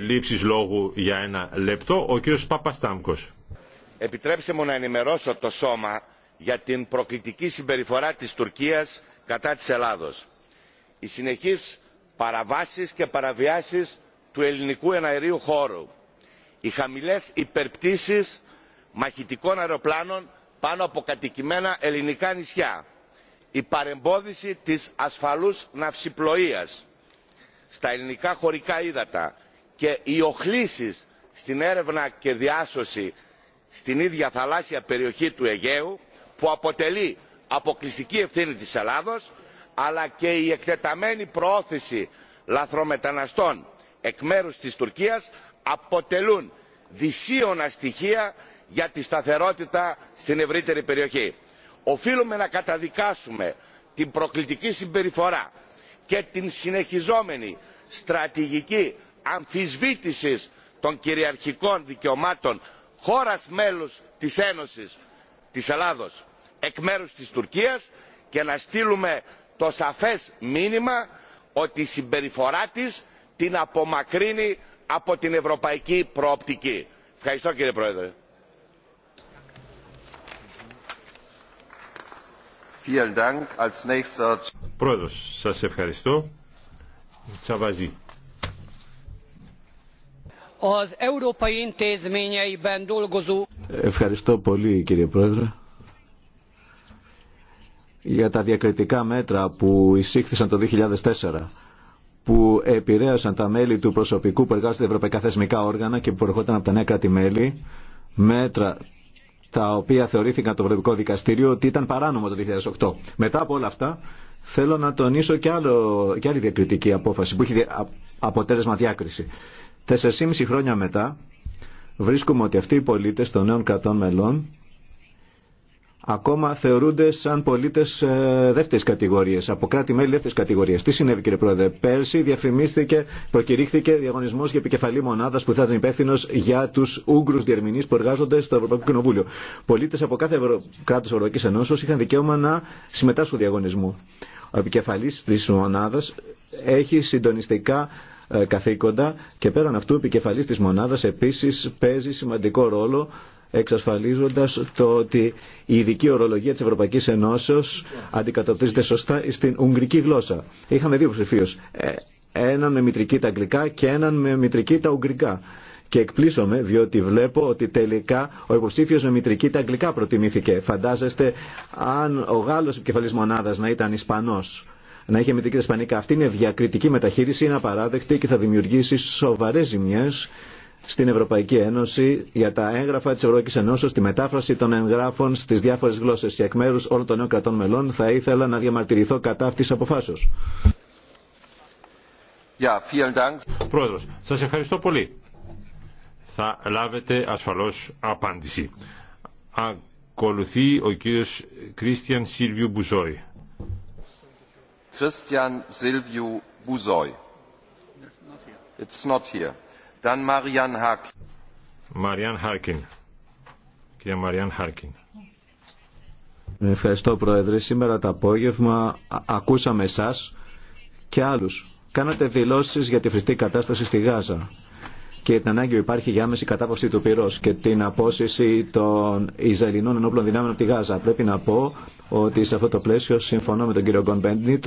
λήψης λόγου για ένα λεπτό ο κύριος Παπαστάμκος. Επιτρέψτε μου να ενημερώσω το Σώμα για την προκλητική συμπεριφορά της Τουρκίας κατά της Ελλάδος. Οι συνεχείς παραβάσεις και παραβιάσεις του ελληνικού εναερίου χώρου. Οι χαμηλές υπερπτήσεις μαχητικών αεροπλάνων πάνω από κατοικημένα ελληνικά νησιά. Η παρεμπόδιση της ασφαλούς ναυσιπλοείας στα ελληνικά χωρικά ύδατα και οι οχλήσεις στην έρευνα και διάσωση στην ίδια θαλάσσια περιοχή του αιγαίου που αποτελεί αποκλειστική ευθύνη της ελλάδος αλλά και η εκτεταμένη προώθηση λαθρομεταναστών εκ μέρους της τουρκίας αποτελούν δυσίωνα στοιχεία για τη σταθερότητα στην ευρύτερη περιοχή. οφείλουμε να καταδικάσουμε την προκλητική συμπεριφορά και την συνεχιζόμενη στρατηγική αμφισβήτησης των κυριαρχικών δικαιωμάτων χώρας μέλους της Ένωσης της Ελλάδος εκ μέρους της Τουρκίας και να στείλουμε το σαφές μήνυμα ότι η συμπεριφορά της την απομακρύνει από την ευρωπαϊκή προοπτική. Ευχαριστώ κύριε Πρόεδρε. Πρόεδρος, σας ευχαριστώ. Τσαβαζή. Ευχαριστώ πολύ κύριε Πρόεδρε για τα διακριτικά μέτρα που εισήχθησαν το 2004 που επηρέασαν τα μέλη του προσωπικού που εργάζονται ευρωπαϊκά θεσμικά όργανα και που προερχόταν από τα νέα κράτη-μέλη, μέτρα τα οποία θεωρήθηκαν το Ευρωπαϊκό Δικαστήριο ότι ήταν παράνομο το 2008. Μετά από όλα αυτά, θέλω να τονίσω και, άλλο, και άλλη διακριτική απόφαση που είχε αποτέλεσμα διάκριση. 4,5 χρόνια μετά βρίσκουμε ότι αυτοί οι πολίτες των νέων κρατών μελών ακόμα θεωρούνται σαν πολίτες ε, δεύτερης κατηγορίας, από κράτη-μέλη δεύτερης κατηγορίας. Τι συνέβη κύριε Πρόεδρε, πέρσι διαφημίστηκε, προκηρύχθηκε διαγωνισμός για επικεφαλή μονάδας που θα ήταν υπεύθυνο για τους Ούγγρους διερμηνείς που εργάζονται στο Ευρωπαϊκό Κοινοβούλιο. Πολίτες από κάθε Ευρω... κράτος Ευρωπαϊκής Ενώσεως είχαν δικαίωμα να συμμετάσχουν στο διαγωνισμό. Ο επικεφαλής της μονάδας έχει συντονιστικά ε, καθήκοντα και πέραν αυτού επικεφαλής της μονάδας επίσης παίζει σημαντικό ρόλο εξασφαλίζοντας το ότι η ειδική ορολογία της Ευρωπαϊκής Ενώσεως αντικατοπτρίζεται σωστά στην ουγγρική γλώσσα. Είχαμε δύο ψηφίους, ε, έναν με μητρική τα αγγλικά και έναν με μητρική τα ουγγρικά. Και εκπλήσωμε διότι βλέπω ότι τελικά ο υποψήφιο με μητρική τα αγγλικά προτιμήθηκε. Φαντάζεστε αν ο Γάλλος επικεφαλής μονάδας να ήταν Ισπανός να έχει αμυντική δεσπανικά. Αυτή είναι διακριτική μεταχείριση, είναι απαράδεκτη και θα δημιουργήσει σοβαρέ ζημιέ στην Ευρωπαϊκή Ένωση για τα έγγραφα τη Ευρωπαϊκή Ενώσεω, τη μετάφραση των εγγράφων στι διάφορε γλώσσε. Και εκ μέρου όλων των νέων κρατών μελών θα ήθελα να διαμαρτυρηθώ κατά αυτή τη αποφάσεω. σα ευχαριστώ πολύ. Θα λάβετε ασφαλώ απάντηση. Ακολουθεί ο κύριος Κρίστιαν Σίλβιου Μπουζόη. Christian It's Ευχαριστώ Πρόεδρε. Σήμερα το απόγευμα ακούσαμε εσά και άλλου. Κάνατε δηλώσει για τη φρικτή κατάσταση στη Γάζα και την ανάγκη που υπάρχει για άμεση κατάπαυση του πυρός και την απόσυση των Ισραηλινών ενόπλων δυνάμεων από τη Γάζα. Πρέπει να πω ότι σε αυτό το πλαίσιο συμφωνώ με τον κύριο Γκον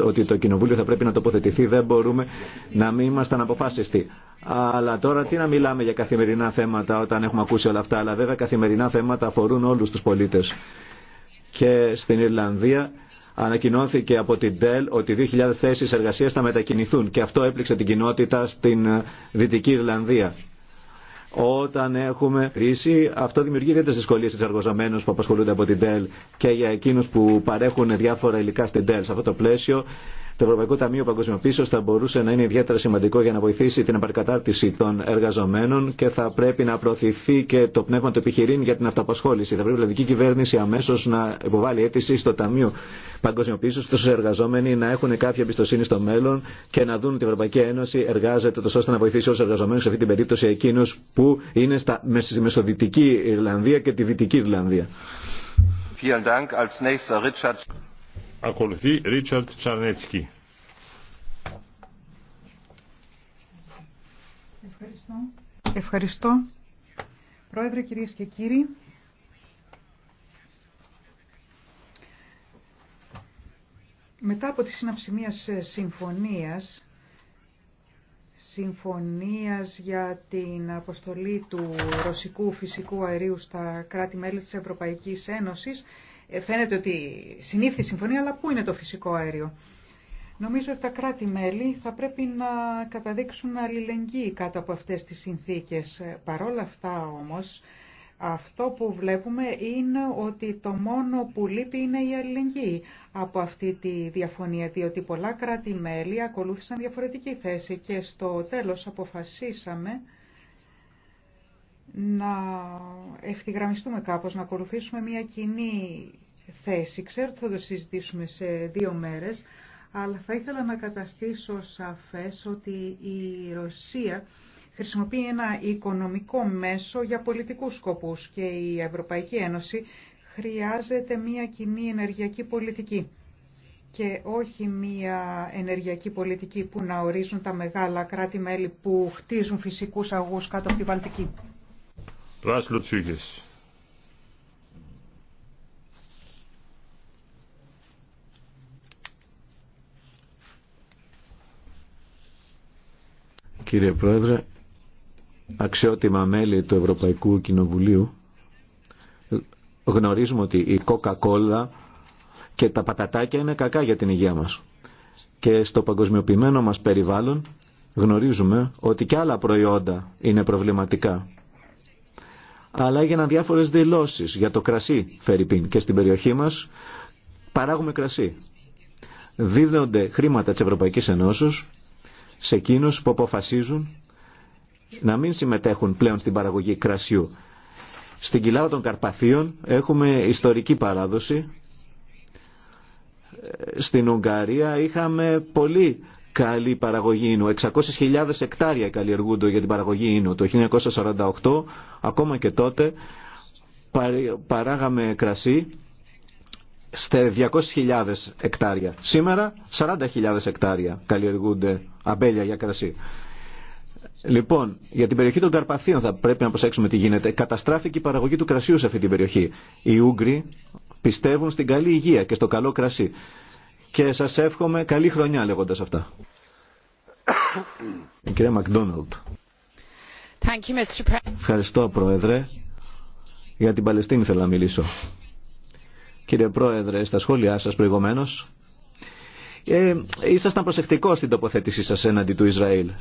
ότι το Κοινοβούλιο θα πρέπει να τοποθετηθεί. Δεν μπορούμε να μην ήμασταν αποφάσιστοι. Αλλά τώρα τι να μιλάμε για καθημερινά θέματα όταν έχουμε ακούσει όλα αυτά. Αλλά βέβαια καθημερινά θέματα αφορούν όλου του πολίτε. Και στην Ιρλανδία ανακοινώθηκε από την ΤΕΛ ότι 2.000 θέσει εργασία θα μετακινηθούν. Και αυτό έπληξε την κοινότητα στην Δυτική Ιρλανδία. Όταν έχουμε κρίση, αυτό δημιουργεί ιδιαίτερε δυσκολίε στου εργαζομένου που απασχολούνται από την ΤΕΛ και για εκείνου που παρέχουν διάφορα υλικά στην ΤΕΛ. Σε αυτό το πλαίσιο το Ευρωπαϊκό Ταμείο Παγκοσμιοποίηση θα μπορούσε να είναι ιδιαίτερα σημαντικό για να βοηθήσει την επανακατάρτιση των εργαζομένων και θα πρέπει να προωθηθεί και το πνεύμα του επιχειρήν για την αυτοαπασχόληση. Θα πρέπει η ελληνική κυβέρνηση αμέσω να υποβάλει αίτηση στο Ταμείο Παγκοσμιοποίηση, ώστε εργαζόμενοι να έχουν κάποια εμπιστοσύνη στο μέλλον και να δουν ότι η Ευρωπαϊκή Ένωση εργάζεται τόσο ώστε να βοηθήσει όσου εργαζομένου σε αυτή την περίπτωση εκείνου που είναι στα, Μεσοδυτική Ιρλανδία και τη Δυτική Ιρλανδία. Ακολουθεί Ρίτσαρτ Τσαρνέτσκι. Ευχαριστώ. Ευχαριστώ. Πρόεδρε, κυρίες και κύριοι. Μετά από τη σύναψη μιας ε, συμφωνίας, συμφωνίας για την αποστολή του ρωσικού φυσικού αερίου στα κράτη-μέλη της Ευρωπαϊκής Ένωσης, ε, φαίνεται ότι συνήφθη συμφωνία, αλλά πού είναι το φυσικό αέριο. Νομίζω ότι τα κράτη-μέλη θα πρέπει να καταδείξουν αλληλεγγύη κάτω από αυτές τις συνθήκες. Ε, παρόλα αυτά όμως, αυτό που βλέπουμε είναι ότι το μόνο που λείπει είναι η αλληλεγγύη από αυτή τη διαφωνία, διότι πολλά κράτη-μέλη ακολούθησαν διαφορετική θέση και στο τέλος αποφασίσαμε να ευθυγραμμιστούμε κάπως, να ακολουθήσουμε μια κοινή θέση. Ξέρω ότι θα το συζητήσουμε σε δύο μέρες, αλλά θα ήθελα να καταστήσω σαφές ότι η Ρωσία χρησιμοποιεί ένα οικονομικό μέσο για πολιτικούς σκοπούς και η Ευρωπαϊκή Ένωση χρειάζεται μια κοινή ενεργειακή πολιτική και όχι μια ενεργειακή πολιτική που να ορίζουν τα μεγάλα κράτη-μέλη που χτίζουν φυσικούς αγούς κάτω από τη Βαλτική. Κύριε Πρόεδρε, αξιότιμα μέλη του Ευρωπαϊκού Κοινοβουλίου, γνωρίζουμε ότι η Coca-Cola και τα πατατάκια είναι κακά για την υγεία μας. Και στο παγκοσμιοποιημένο μας περιβάλλον γνωρίζουμε ότι και άλλα προϊόντα είναι προβληματικά αλλά έγιναν διάφορες δηλώσει για το κρασί Φερρυπίν και στην περιοχή μας παράγουμε κρασί. Δίδονται χρήματα τη Ευρωπαϊκή Ενώσεως σε εκείνου που αποφασίζουν να μην συμμετέχουν πλέον στην παραγωγή κρασιού. Στην κοιλάδα των Καρπαθίων έχουμε ιστορική παράδοση. Στην Ουγγαρία είχαμε πολύ καλή παραγωγή ίνου. 600.000 εκτάρια καλλιεργούνται για την παραγωγή ίνου. Το 1948, ακόμα και τότε, παράγαμε κρασί στα 200.000 εκτάρια. Σήμερα 40.000 εκτάρια καλλιεργούνται αμπέλια για κρασί. Λοιπόν, για την περιοχή των Καρπαθίων θα πρέπει να προσέξουμε τι γίνεται. Καταστράφηκε η παραγωγή του κρασιού σε αυτή την περιοχή. Οι Ούγγροι πιστεύουν στην καλή υγεία και στο καλό κρασί και σας εύχομαι καλή χρονιά λέγοντας αυτά. Κύριε Μακδόναλτ. Ευχαριστώ Πρόεδρε. Για την Παλαιστίνη θέλω να μιλήσω. Κύριε Πρόεδρε, στα σχόλιά σας προηγουμένως, ε, ήσασταν προσεκτικό στην τοποθέτησή σας έναντι του Ισραήλ.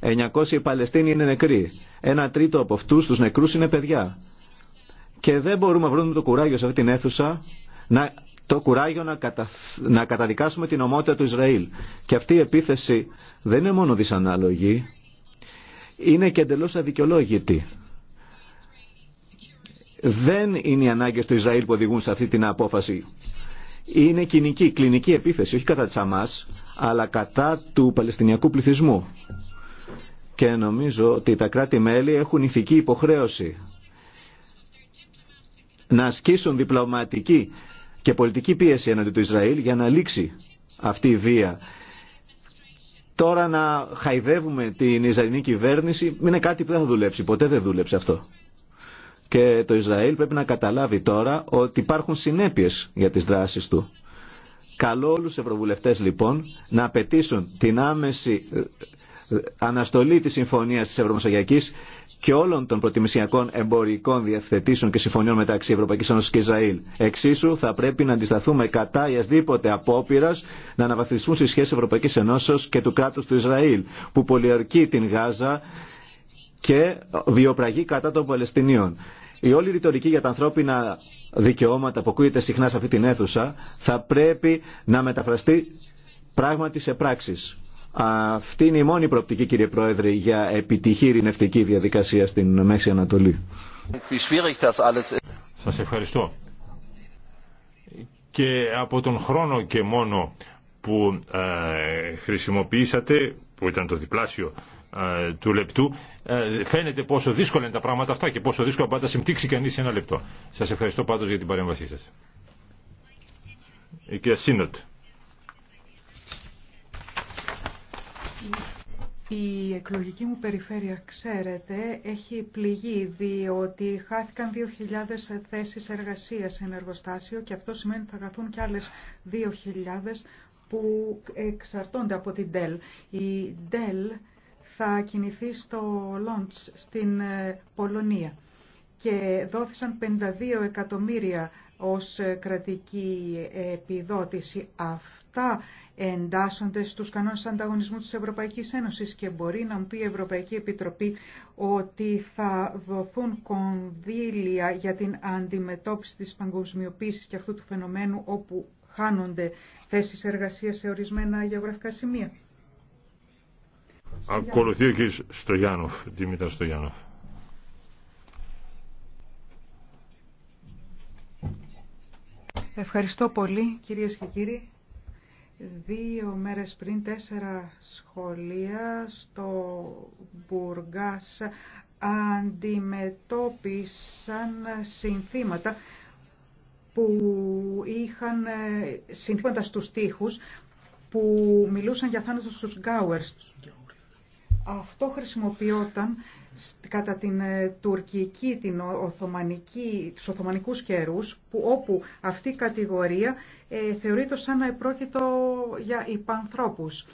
900 Παλαιστίνοι είναι νεκροί. Ένα τρίτο από αυτούς τους νεκρούς είναι παιδιά. Και δεν μπορούμε να βρούμε το κουράγιο σε αυτή την αίθουσα να το κουράγιο να, καταδικάσουμε την ομότητα του Ισραήλ. Και αυτή η επίθεση δεν είναι μόνο δυσανάλογη, είναι και εντελώς αδικαιολόγητη. Δεν είναι οι ανάγκες του Ισραήλ που οδηγούν σε αυτή την απόφαση. Είναι κοινική, κλινική επίθεση, όχι κατά της Αμάς, αλλά κατά του Παλαιστινιακού πληθυσμού. Και νομίζω ότι τα κράτη-μέλη έχουν ηθική υποχρέωση να ασκήσουν διπλωματική και πολιτική πίεση εναντί του Ισραήλ για να λήξει αυτή η βία. Τώρα να χαϊδεύουμε την Ισραηλινή κυβέρνηση είναι κάτι που δεν θα δουλέψει. Ποτέ δεν δούλεψε αυτό. Και το Ισραήλ πρέπει να καταλάβει τώρα ότι υπάρχουν συνέπειες για τις δράσεις του. Καλό όλους τους ευρωβουλευτές λοιπόν να απαιτήσουν την άμεση ε, αναστολή της συμφωνίας της Ευρωμεσογειακής και όλων των προτιμησιακών εμπορικών διευθετήσεων και συμφωνιών μεταξύ Ευρωπαϊκής Ένωσης και Ισραήλ. Εξίσου θα πρέπει να αντισταθούμε κατά ιασδήποτε απόπειρα να αναβαθμιστούν στις σχέσεις Ευρωπαϊκής Ενώσεως και του κράτους του Ισραήλ που πολιορκεί την Γάζα και βιοπραγεί κατά των Παλαιστινίων. Η όλη ρητορική για τα ανθρώπινα δικαιώματα που ακούγεται συχνά σε αυτή την αίθουσα θα πρέπει να μεταφραστεί πράγματι σε πράξεις αυτή είναι η μόνη προοπτική, κύριε Πρόεδρε, για επιτυχή ρηνευτική διαδικασία στην Μέση Ανατολή. Σας ευχαριστώ. Και από τον χρόνο και μόνο που ε, χρησιμοποιήσατε, που ήταν το διπλάσιο ε, του λεπτού, ε, φαίνεται πόσο δύσκολα είναι τα πράγματα αυτά και πόσο δύσκολα πάντα συμπτύξει κανεί ένα λεπτό. Σας ευχαριστώ πάντω για την παρέμβασή σα. Η εκλογική μου περιφέρεια, ξέρετε, έχει πληγεί διότι χάθηκαν 2.000 θέσεις εργασίας σε εργοστάσιο και αυτό σημαίνει ότι θα χαθούν και άλλες 2.000 που εξαρτώνται από την ΔΕΛ. Η ΔΕΛ θα κινηθεί στο Λόντς στην ε, Πολωνία και δόθησαν 52 εκατομμύρια ως ε, κρατική επιδότηση. Αυτά εντάσσονται στους κανόνες ανταγωνισμού της Ευρωπαϊκής Ένωσης και μπορεί να μου πει η Ευρωπαϊκή Επιτροπή ότι θα δοθούν κονδύλια για την αντιμετώπιση της παγκοσμιοποίησης και αυτού του φαινομένου όπου χάνονται θέσεις εργασίας σε ορισμένα γεωγραφικά σημεία. Ακολουθεί ο κ. Ευχαριστώ πολύ κυρίες και κύριοι. Δύο μέρες πριν τέσσερα σχολεία στο Μπουργκάς αντιμετώπισαν συνθήματα που είχαν ε, συνθήματα στους τοίχους που μιλούσαν για θάνατο στους γκάουερς. Αυτό χρησιμοποιόταν κατά την ε, τουρκική, την οθωμανική, τους οθωμανικούς καιρούς, που, όπου αυτή η κατηγορία ε, θεωρείται σαν να επρόκειτο για υπανθρώπους.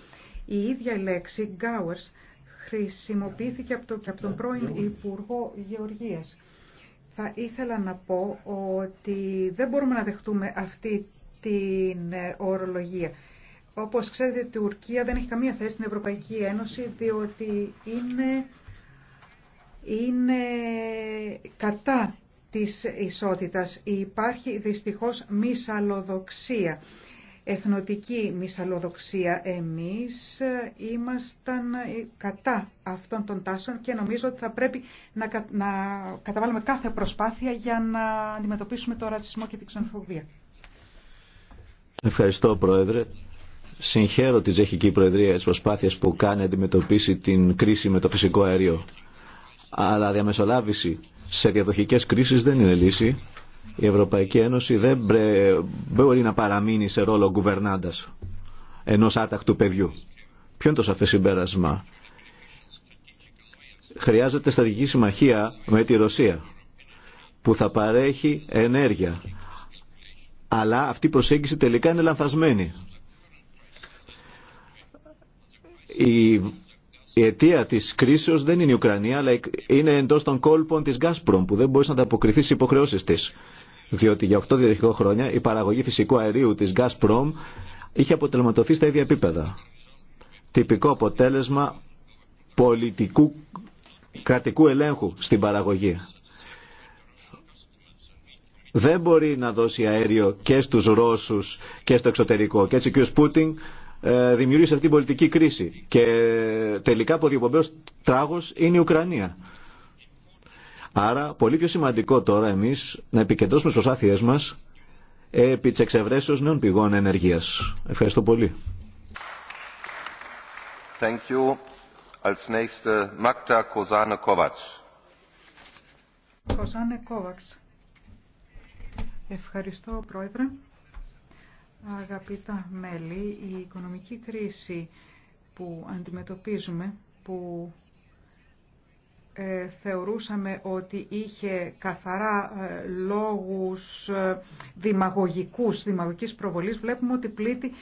Η ίδια λέξη gowers, χρησιμοποιήθηκε από, και από τον πρώην Υπουργό Γεωργίας. Θα ήθελα να πω ότι δεν μπορούμε να δεχτούμε αυτή την ε, ορολογία. Όπως ξέρετε, η Τουρκία δεν έχει καμία θέση στην Ευρωπαϊκή Ένωση, διότι είναι είναι κατά της ισότητας. Υπάρχει δυστυχώς μισαλοδοξία εθνοτική μισαλοδοξία Εμείς ήμασταν κατά αυτών των τάσεων και νομίζω ότι θα πρέπει να, να καταβάλουμε κάθε προσπάθεια για να αντιμετωπίσουμε το ρατσισμό και την ξενοφοβία. Ευχαριστώ Πρόεδρε. Συγχαίρω τη Τσεχική Προεδρία της προσπάθειας που κάνει να αντιμετωπίσει την κρίση με το φυσικό αέριο. Αλλά διαμεσολάβηση σε διαδοχικές κρίσεις δεν είναι λύση. Η Ευρωπαϊκή Ένωση δεν μπορεί να παραμείνει σε ρόλο γκουβερνάντας ενός άταχτου παιδιού. Ποιο είναι το σαφές συμπέρασμα. Χρειάζεται στρατηγική συμμαχία με τη Ρωσία που θα παρέχει ενέργεια. Αλλά αυτή η προσέγγιση τελικά είναι λανθασμένη η αιτία τη κρίσεω δεν είναι η Ουκρανία, αλλά είναι εντός των κόλπων της Γκάσπρομ, που δεν μπορεί να ανταποκριθεί στις υποχρεώσει τη. Διότι για 8 διαδικτυακά χρόνια η παραγωγή φυσικού αερίου της Γκάσπρομ είχε αποτελεματωθεί στα ίδια επίπεδα. Τυπικό αποτέλεσμα πολιτικού κρατικού ελέγχου στην παραγωγή. Δεν μπορεί να δώσει αέριο και στους Ρώσους και στο εξωτερικό. Και έτσι ο κ. Ε, δημιούργησε αυτή την πολιτική κρίση. Και τελικά αποδιοπομπαίος τράγος είναι η Ουκρανία. Άρα πολύ πιο σημαντικό τώρα εμείς να επικεντρώσουμε στις προσπάθειές μας επί της εξευρέσεως νέων πηγών ενεργείας. Ευχαριστώ πολύ. Thank you. Als nächste Magda Kosane Kovac. Kosane Kovacs. Ευχαριστώ, Πρόεδρε. Αγαπητά μέλη, η οικονομική κρίση που αντιμετωπίζουμε, που ε, θεωρούσαμε ότι είχε καθαρά ε, λόγους ε, δημαγωγικούς, δημαγωγικής προβολής, βλέπουμε ότι πλήττει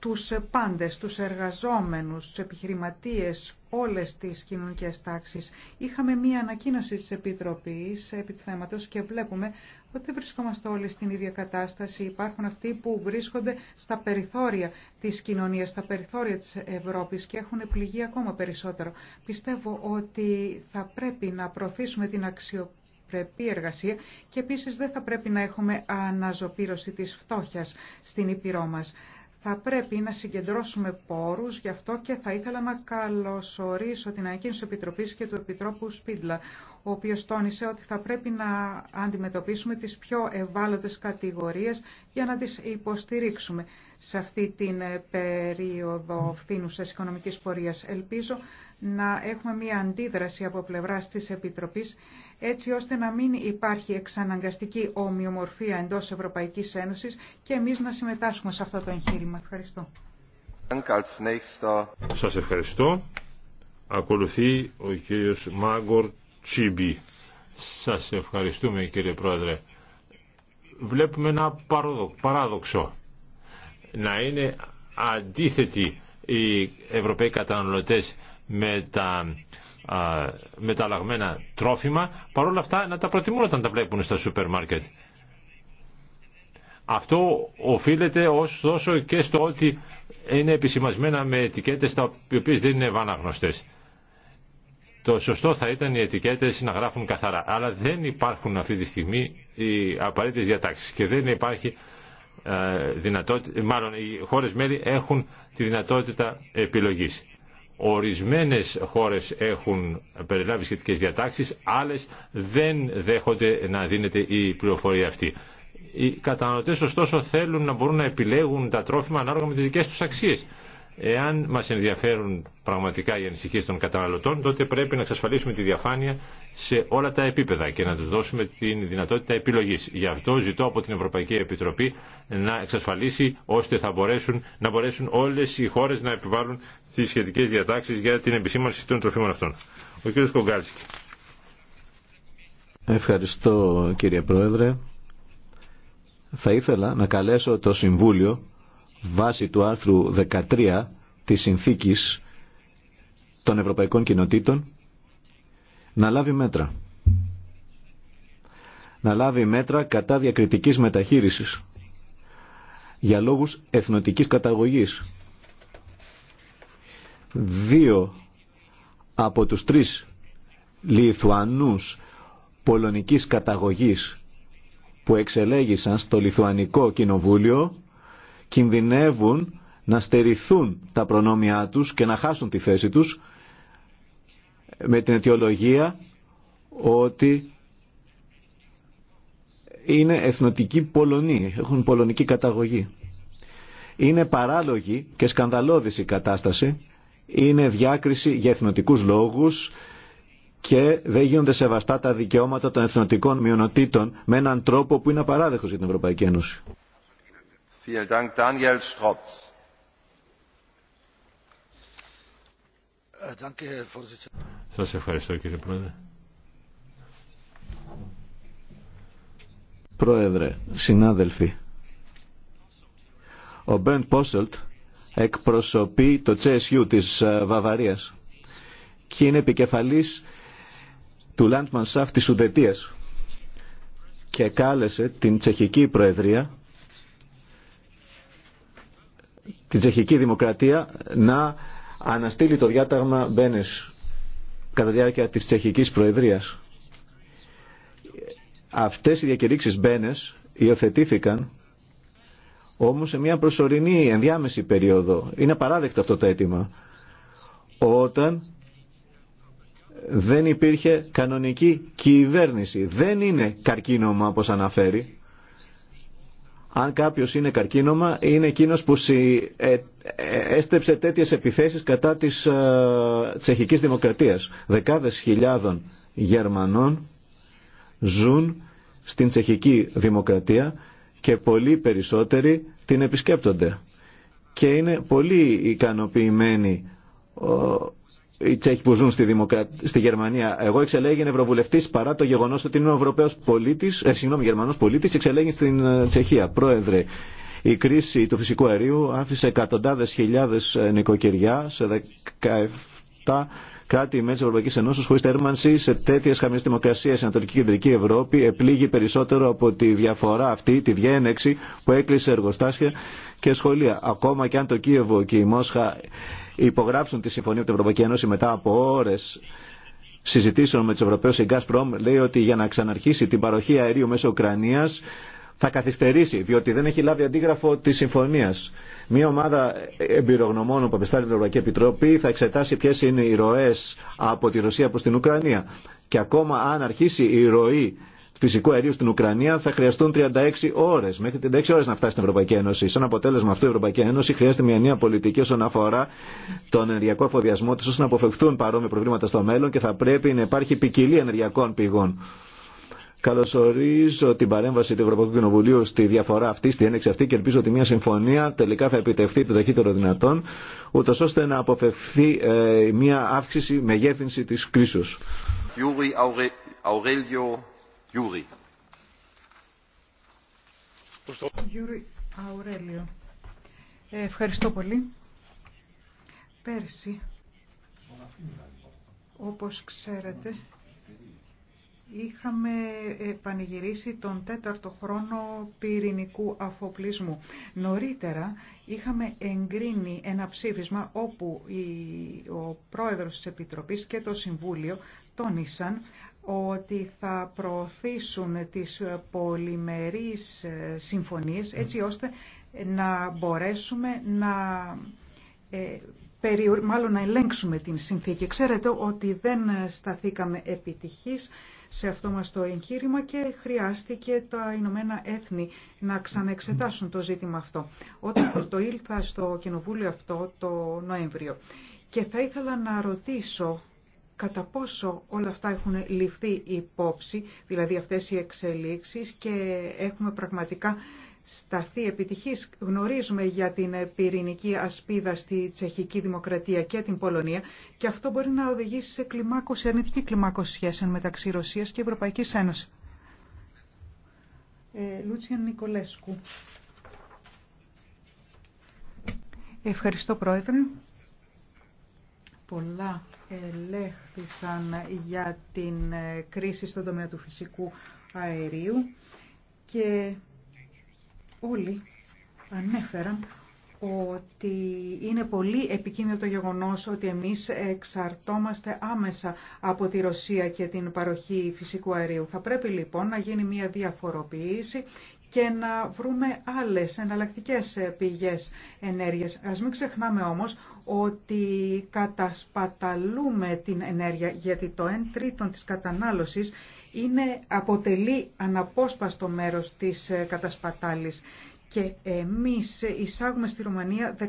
τους πάντες, τους εργαζόμενους, τους επιχειρηματίες, όλες τις κοινωνικές τάξεις. Είχαμε μία ανακοίνωση της Επιτροπής επί του θέματος και βλέπουμε ότι δεν βρισκόμαστε όλοι στην ίδια κατάσταση. Υπάρχουν αυτοί που βρίσκονται στα περιθώρια της κοινωνίας, στα περιθώρια της Ευρώπης και έχουν πληγεί ακόμα περισσότερο. Πιστεύω ότι θα πρέπει να προωθήσουμε την αξιοποίηση εργασία και επίσης δεν θα πρέπει να έχουμε αναζωπήρωση της φτώχειας στην Ήπειρό μας. Θα πρέπει να συγκεντρώσουμε πόρους, γι' αυτό και θα ήθελα να καλωσορίσω την της Επιτροπής και του Επιτρόπου Σπίτλα, ο οποίος τόνισε ότι θα πρέπει να αντιμετωπίσουμε τις πιο ευάλωτες κατηγορίες για να τις υποστηρίξουμε σε αυτή την ε, περίοδο φθήνουσας οικονομικής πορείας. Ελπίζω να έχουμε μια αντίδραση από πλευράς της Επιτροπής έτσι ώστε να μην υπάρχει εξαναγκαστική ομοιομορφία εντός Ευρωπαϊκής Ένωσης και εμείς να συμμετάσχουμε σε αυτό το εγχείρημα. Ευχαριστώ. Σας ευχαριστώ. Ακολουθεί ο κύριος Μάγκορ Τσίμπι. Σας ευχαριστούμε κύριε Πρόεδρε. Βλέπουμε ένα παράδοξο. Να είναι αντίθετοι οι Ευρωπαίοι καταναλωτές με τα μεταλλαγμένα τρόφιμα, παρόλα αυτά να τα προτιμούν όταν τα βλέπουν στα σούπερ μάρκετ. Αυτό οφείλεται ωστόσο και στο ότι είναι επισημασμένα με ετικέτες τα οποίε δεν είναι βαναγνωστές. Το σωστό θα ήταν οι ετικέτες να γράφουν καθαρά, αλλά δεν υπάρχουν αυτή τη στιγμή οι απαραίτητες διατάξεις και δεν υπάρχει ε, δυνατότητα, μάλλον οι χώρες μέλη έχουν τη δυνατότητα επιλογής. Ορισμένες χώρες έχουν περιλάβει σχετικές διατάξεις, άλλες δεν δέχονται να δίνεται η πληροφορία αυτή. Οι καταναλωτές ωστόσο θέλουν να μπορούν να επιλέγουν τα τρόφιμα ανάλογα με τις δικές τους αξίες. Εάν μας ενδιαφέρουν πραγματικά οι ανησυχίες των καταναλωτών, τότε πρέπει να εξασφαλίσουμε τη διαφάνεια σε όλα τα επίπεδα και να τους δώσουμε τη δυνατότητα επιλογής. Γι' αυτό ζητώ από την Ευρωπαϊκή Επιτροπή να εξασφαλίσει ώστε θα μπορέσουν, να μπορέσουν όλες οι χώρες να επιβάλλουν τις σχετικές διατάξεις για την επισήμανση των τροφίμων αυτών. Ο κ. Κογκάλσκι. Ευχαριστώ κύριε Πρόεδρε. Θα ήθελα να καλέσω το Συμβούλιο βάσει του άρθρου 13 της Συνθήκης των Ευρωπαϊκών Κοινοτήτων να λάβει μέτρα. Να λάβει μέτρα κατά διακριτικής μεταχείρισης για λόγους εθνοτικής καταγωγής. Δύο από τους τρεις Λιθουανούς πολωνικής καταγωγής που εξελέγησαν στο Λιθουανικό Κοινοβούλιο κινδυνεύουν να στερηθούν τα προνόμια τους και να χάσουν τη θέση τους με την αιτιολογία ότι είναι εθνοτικοί Πολωνοί, έχουν πολωνική καταγωγή. Είναι παράλογη και σκανδαλώδης η κατάσταση, είναι διάκριση για εθνοτικούς λόγους και δεν γίνονται σεβαστά τα δικαιώματα των εθνοτικών μειονοτήτων με έναν τρόπο που είναι απαράδεχος για την Ευρωπαϊκή Ένωση. Vielen Dank. ευχαριστώ κύριε Πρόεδρε. Πρόεδρε, συνάδελφοι, ο Μπέντ Πόσελτ εκπροσωπεί το CSU της ε, Βαβαρίας και είναι επικεφαλής του Landmannschaft της Ουδετίας και κάλεσε την Τσεχική Προεδρία την Τσεχική Δημοκρατία να αναστείλει το διάταγμα Μπένες κατά διάρκεια της Τσεχικής Προεδρίας. Αυτές οι διακηρύξεις Μπένες υιοθετήθηκαν όμως σε μια προσωρινή ενδιάμεση περίοδο. Είναι παράδεκτο αυτό το αίτημα. Όταν δεν υπήρχε κανονική κυβέρνηση. Δεν είναι καρκίνωμα όπως αναφέρει αν κάποιο είναι καρκίνωμα, είναι εκείνο που ε, ε, έστρεψε τέτοιε επιθέσει κατά τη ε, τσεχική δημοκρατία. Δεκάδε χιλιάδων Γερμανών ζουν στην τσεχική δημοκρατία και πολύ περισσότεροι την επισκέπτονται. Και είναι πολύ ικανοποιημένοι οι Τσέχοι που ζουν στη, Γερμανία. Εγώ εξελέγην Ευρωβουλευτή παρά το γεγονό ότι είναι Ευρωπαίο πολίτη, ε, συγγνώμη, Γερμανό πολίτη, εξέλεγει στην ε, Τσεχία. Πρόεδρε, η κρίση του φυσικού αερίου άφησε εκατοντάδε χιλιάδε ε, νοικοκυριά σε 17 κράτη μέσα τη Ευρωπαϊκή Ενώση χωρί τέρμανση σε τέτοιε χαμηλέ δημοκρασίε στην Ανατολική Κεντρική Ευρώπη. Επλήγει περισσότερο από τη διαφορά αυτή, τη διένεξη που έκλεισε εργοστάσια και σχολεία. Ακόμα και αν το Κίεβο και η Μόσχα υπογράψουν τη συμφωνία από την Ευρωπαϊκή Ένωση μετά από ώρε συζητήσεων με του Ευρωπαίου, η Gazprom λέει ότι για να ξαναρχίσει την παροχή αερίου μέσω Ουκρανία θα καθυστερήσει, διότι δεν έχει λάβει αντίγραφο τη συμφωνία. Μία ομάδα εμπειρογνωμών που απεστάλλει την Ευρωπαϊκή Επιτροπή θα εξετάσει ποιε είναι οι ροέ από τη Ρωσία προ την Ουκρανία. Και ακόμα αν αρχίσει η ροή φυσικού αερίου στην Ουκρανία θα χρειαστούν 36 ώρε, μέχρι 36 ώρε να φτάσει στην Ευρωπαϊκή Ένωση. Σαν αποτέλεσμα αυτού, η Ευρωπαϊκή Ένωση χρειάζεται μια νέα πολιτική όσον αφορά τον ενεργειακό εφοδιασμό τη, ώστε να αποφευθούν παρόμοια προβλήματα στο μέλλον και θα πρέπει να υπάρχει ποικιλία ενεργειακών πηγών. Καλωσορίζω την παρέμβαση του Ευρωπαϊκού Κοινοβουλίου στη διαφορά αυτή, στη ένεξη αυτή και ελπίζω ότι μια συμφωνία τελικά θα επιτευχθεί το ταχύτερο δυνατόν, ούτω ώστε να αποφευθεί ε, μια αύξηση, μεγέθυνση τη κρίσεω. Γιούρι. Αουρέλιο. Ε, ευχαριστώ πολύ. Πέρσι, όπως ξέρετε, είχαμε πανηγυρίσει τον τέταρτο χρόνο πυρηνικού αφοπλισμού. Νωρίτερα είχαμε εγκρίνει ένα ψήφισμα όπου ο πρόεδρος της Επιτροπής και το Συμβούλιο τόνισαν ότι θα προωθήσουν τις πολυμερείς συμφωνίες έτσι ώστε να μπορέσουμε να, ε, μάλλον να ελέγξουμε την συνθήκη. Ξέρετε ότι δεν σταθήκαμε επιτυχής σε αυτό μας το εγχείρημα και χρειάστηκε τα Ηνωμένα Έθνη να ξαναεξετάσουν το ζήτημα αυτό. Όταν το ήλθα στο κοινοβούλιο αυτό το Νοέμβριο. Και θα ήθελα να ρωτήσω κατά πόσο όλα αυτά έχουν ληφθεί υπόψη, δηλαδή αυτές οι εξελίξεις και έχουμε πραγματικά σταθεί επιτυχής. Γνωρίζουμε για την πυρηνική ασπίδα στη Τσεχική Δημοκρατία και την Πολωνία και αυτό μπορεί να οδηγήσει σε κλιμάκωση, αρνητική κλιμάκωση σχέσεων μεταξύ Ρωσίας και Ευρωπαϊκής Ένωσης. Ε, Νικολέσκου. Ευχαριστώ Πρόεδρε. Πολλά ελέγχθησαν για την ε, κρίση στον τομέα του φυσικού αερίου και όλοι ανέφεραν ότι είναι πολύ επικίνδυνο το γεγονός ότι εμείς εξαρτόμαστε άμεσα από τη Ρωσία και την παροχή φυσικού αερίου. Θα πρέπει λοιπόν να γίνει μια διαφοροποίηση και να βρούμε άλλες εναλλακτικές ε, πηγές ενέργειας. Ας μην ξεχνάμε όμως ότι κατασπαταλούμε την ενέργεια γιατί το 1 τρίτο της κατανάλωσης είναι, αποτελεί αναπόσπαστο μέρος της ε, κατασπατάλης και εμείς εισάγουμε στη Ρουμανία 14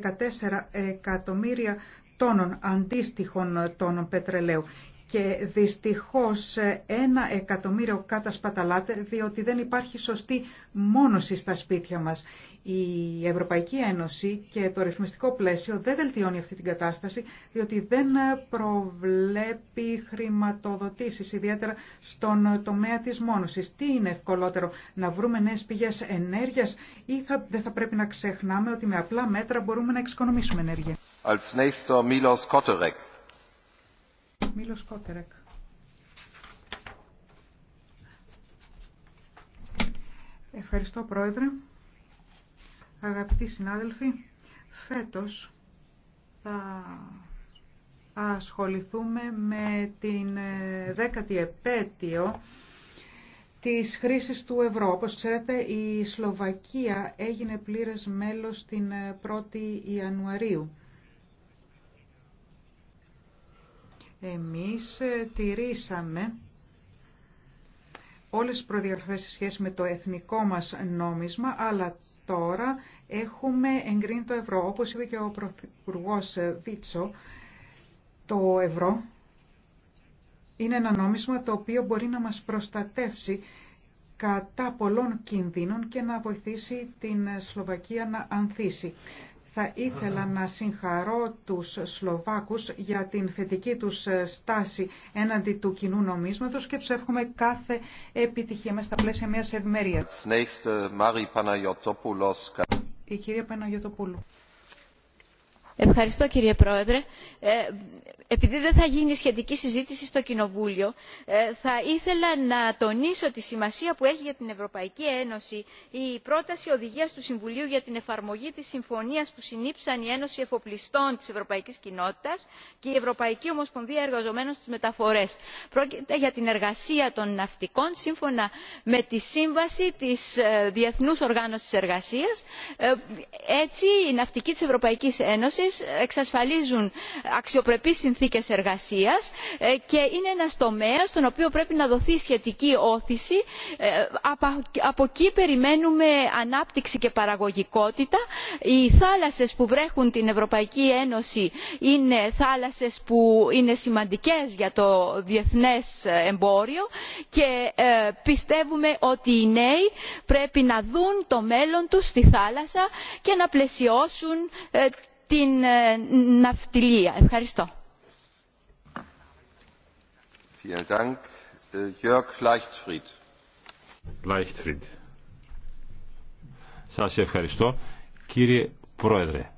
εκατομμύρια τόνων αντίστοιχων τόνων πετρελαίου και δυστυχώς ένα εκατομμύριο κατασπαταλάτε διότι δεν υπάρχει σωστή μόνωση στα σπίτια μας. Η Ευρωπαϊκή Ένωση και το ρυθμιστικό πλαίσιο δεν βελτιώνει αυτή την κατάσταση διότι δεν προβλέπει χρηματοδοτήσεις ιδιαίτερα στον τομέα της μόνωσης. Τι είναι ευκολότερο να βρούμε νέες πηγές ενέργειας ή θα, δεν θα πρέπει να ξεχνάμε ότι με απλά μέτρα μπορούμε να εξοικονομήσουμε ενέργεια. Als Μίλος Κότερεκ. Ευχαριστώ Πρόεδρε. Αγαπητοί συνάδελφοι, φέτος θα ασχοληθούμε με την ε, δέκατη επέτειο της χρήσης του ευρώ. Όπως ξέρετε, η Σλοβακία έγινε πλήρες μέλος την 1η ε, Ιανουαρίου. Εμείς ε, τηρήσαμε όλες τις προδιαγραφές σε σχέση με το εθνικό μας νόμισμα, αλλά τώρα έχουμε εγκρίνει το ευρώ. Όπως είπε και ο Πρωθυπουργό ε, Βίτσο, το ευρώ είναι ένα νόμισμα το οποίο μπορεί να μας προστατεύσει κατά πολλών κινδύνων και να βοηθήσει την Σλοβακία να ανθίσει. Θα ήθελα να συγχαρώ τους Σλοβάκους για την θετική τους στάση έναντι του κοινού νομίσματος και τους εύχομαι κάθε επιτυχία μέσα στα πλαίσια μιας ευημερίας. Η κυρία Παναγιωτοπούλου. Ευχαριστώ κύριε Πρόεδρε. Ε, επειδή δεν θα γίνει σχετική συζήτηση στο Κοινοβούλιο, ε, θα ήθελα να τονίσω τη σημασία που έχει για την Ευρωπαϊκή Ένωση η πρόταση οδηγίας του Συμβουλίου για την εφαρμογή της συμφωνίας που συνήψαν η Ένωση Εφοπλιστών της Ευρωπαϊκής Κοινότητας και η Ευρωπαϊκή Ομοσπονδία Εργαζομένων στις Μεταφορές. Πρόκειται για την εργασία των ναυτικών σύμφωνα με τη Σύμβαση της ε, Διεθνούς Οργάνωσης Εργασίας. Έτσι, η ναυτική της Ευρωπαϊκής Ένωσης εξασφαλίζουν αξιοπρεπείς συνθήκες εργασίας ε, και είναι ένας τομέας στον οποίο πρέπει να δοθεί σχετική όθηση. Ε, από εκεί περιμένουμε ανάπτυξη και παραγωγικότητα. οι θάλασσες που βρέχουν την ευρωπαϊκή ένωση είναι θάλασσες που είναι σημαντικές για το διεθνές εμπόριο και ε, πιστεύουμε ότι οι νέοι πρέπει να δουν το μέλλον τους στη θάλασσα και να πλαισιώσουν την ε, ναυτιλία. Ευχαριστώ. Äh, Σας ευχαριστώ. Κύριε Πρόεδρε,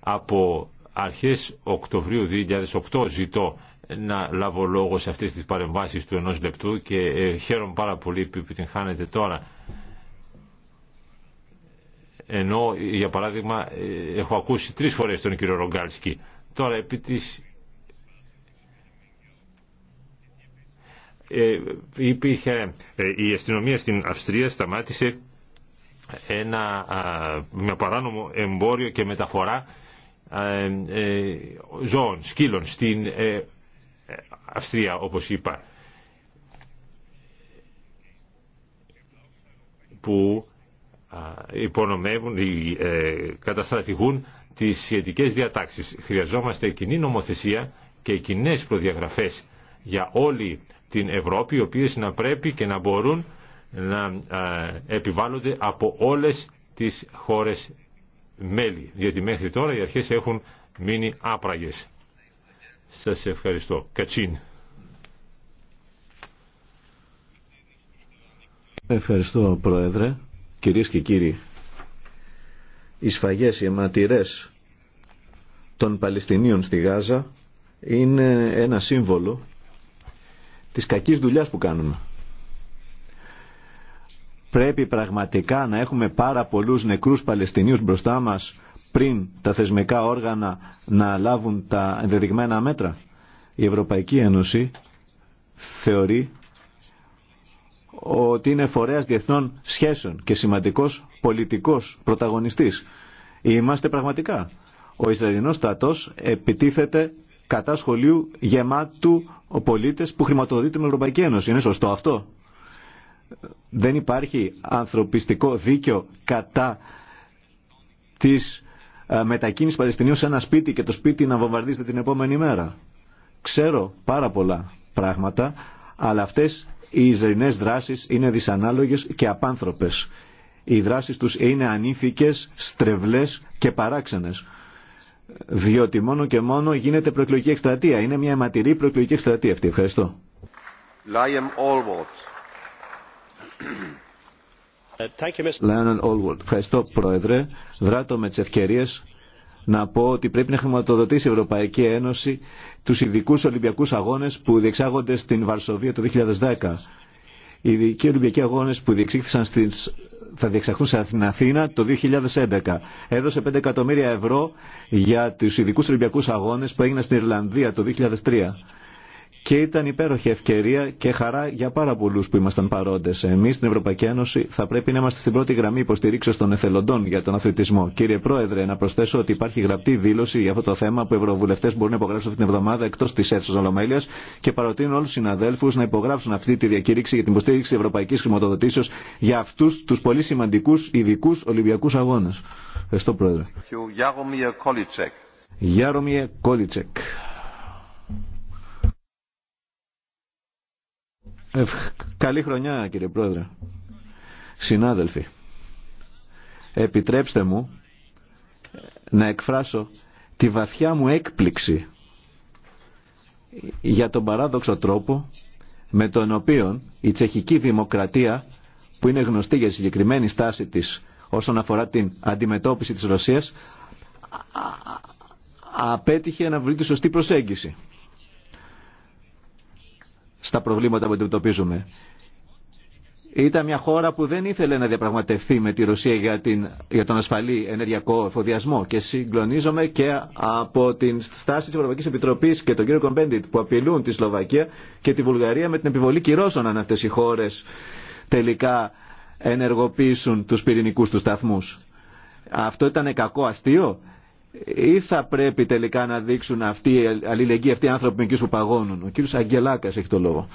από αρχές Οκτωβρίου 2008 ζητώ να λάβω λόγο σε αυτές τις παρεμβάσεις του ενός λεπτού και ε, χαίρομαι πάρα πολύ που επιτυγχάνετε τώρα. Ενώ, για παράδειγμα, ε, έχω ακούσει τρεις φορές τον κύριο Ρογκάλσκι. Τώρα, επί της... Ε, υπήρχε, η αστυνομία στην Αυστρία σταμάτησε ένα, με παράνομο εμπόριο και μεταφορά ζώων, σκύλων στην Αυστρία όπως είπα που υπονομεύουν ή ε, καταστρατηγούν τις σχετικές διατάξεις. Χρειαζόμαστε κοινή νομοθεσία και κοινέ προδιαγραφές για όλη την Ευρώπη, οι οποίες να πρέπει και να μπορούν να επιβάλλονται από όλες τις χώρες μέλη. Γιατί μέχρι τώρα οι αρχές έχουν μείνει άπραγες. Σας ευχαριστώ. Κατσίν. Ευχαριστώ Πρόεδρε. Κυρίες και κύριοι, οι σφαγές, οι αιματηρές των Παλαιστινίων στη Γάζα είναι ένα σύμβολο της κακής δουλειάς που κάνουμε. Πρέπει πραγματικά να έχουμε πάρα πολλούς νεκρούς Παλαιστινίους μπροστά μας πριν τα θεσμικά όργανα να λάβουν τα ενδεδειγμένα μέτρα. Η Ευρωπαϊκή Ένωση θεωρεί ότι είναι φορέας διεθνών σχέσεων και σημαντικός πολιτικός πρωταγωνιστής. Είμαστε πραγματικά. Ο Ισραηλινός στρατός επιτίθεται κατά σχολείου γεμάτου πολίτες που χρηματοδοτεί την Ευρωπαϊκή Ένωση. Είναι σωστό αυτό. Δεν υπάρχει ανθρωπιστικό δίκαιο κατά της ε, μετακίνηση Παλαιστινίου σε ένα σπίτι και το σπίτι να βομβαρδίζεται την επόμενη μέρα. Ξέρω πάρα πολλά πράγματα, αλλά αυτές οι Ισραηλινέ δράσει είναι δυσανάλογες και απάνθρωπες. Οι δράσεις τους είναι ανήθικες, στρεβλέ και παράξενες. Διότι μόνο και μόνο γίνεται προεκλογική εκστρατεία. Είναι μια αιματηρή προεκλογική εκστρατεία αυτή. Ευχαριστώ. Ευχαριστώ Πρόεδρε. Δράτω με τι ευκαιρίε να πω ότι πρέπει να χρηματοδοτήσει η Ευρωπαϊκή Ένωση τους ειδικού Ολυμπιακούς Αγώνες που διεξάγονται στην Βαρσοβία το 2010. Οι ειδικοί Ολυμπιακοί Αγώνες που διεξήχθησαν στην θα διεξαχθούν στην Αθήνα το 2011. Έδωσε 5 εκατομμύρια ευρώ για τους ειδικούς Ολυμπιακούς Αγώνες που έγιναν στην Ιρλανδία το 2003 και ήταν υπέροχη ευκαιρία και χαρά για πάρα πολλού που ήμασταν παρόντε. Εμεί στην Ευρωπαϊκή Ένωση θα πρέπει να είμαστε στην πρώτη γραμμή υποστηρίξεω των εθελοντών για τον αθλητισμό. Κύριε Πρόεδρε, να προσθέσω ότι υπάρχει γραπτή δήλωση για αυτό το θέμα που οι ευρωβουλευτέ μπορούν να υπογράψουν αυτή την εβδομάδα εκτό τη αίθουσα Ολομέλεια και παροτείνω όλου του συναδέλφου να υπογράψουν αυτή τη διακήρυξη για την υποστήριξη ευρωπαϊκή χρηματοδοτήσεω για αυτού του πολύ σημαντικού ειδικού Ολυμπιακού Αγώνε. Ευχαριστώ, Πρόεδρε. Γιάρομιε Κόλιτσεκ. Καλή χρονιά κύριε Πρόεδρε. Συνάδελφοι, επιτρέψτε μου να εκφράσω τη βαθιά μου έκπληξη για τον παράδοξο τρόπο με τον οποίο η τσεχική δημοκρατία που είναι γνωστή για συγκεκριμένη στάση της όσον αφορά την αντιμετώπιση της Ρωσίας απέτυχε να βρει τη σωστή προσέγγιση στα προβλήματα που αντιμετωπίζουμε. Ήταν μια χώρα που δεν ήθελε να διαπραγματευτεί με τη Ρωσία για, την, για τον ασφαλή ενεργειακό εφοδιασμό και συγκλονίζομαι και από την στάση της Ευρωπαϊκής Επιτροπής και τον κύριο Κομπέντιτ που απειλούν τη Σλοβακία και τη Βουλγαρία με την επιβολή κυρώσεων αν αυτές οι χώρες τελικά ενεργοποιήσουν τους πυρηνικούς τους σταθμούς. Αυτό ήταν κακό αστείο ή θα πρέπει τελικά να δείξουν αυτοί οι αλληλεγγύοι, αυτοί οι άνθρωποι εκεί που παγώνουν. Ο κύριος Αγγελάκας έχει το λόγο.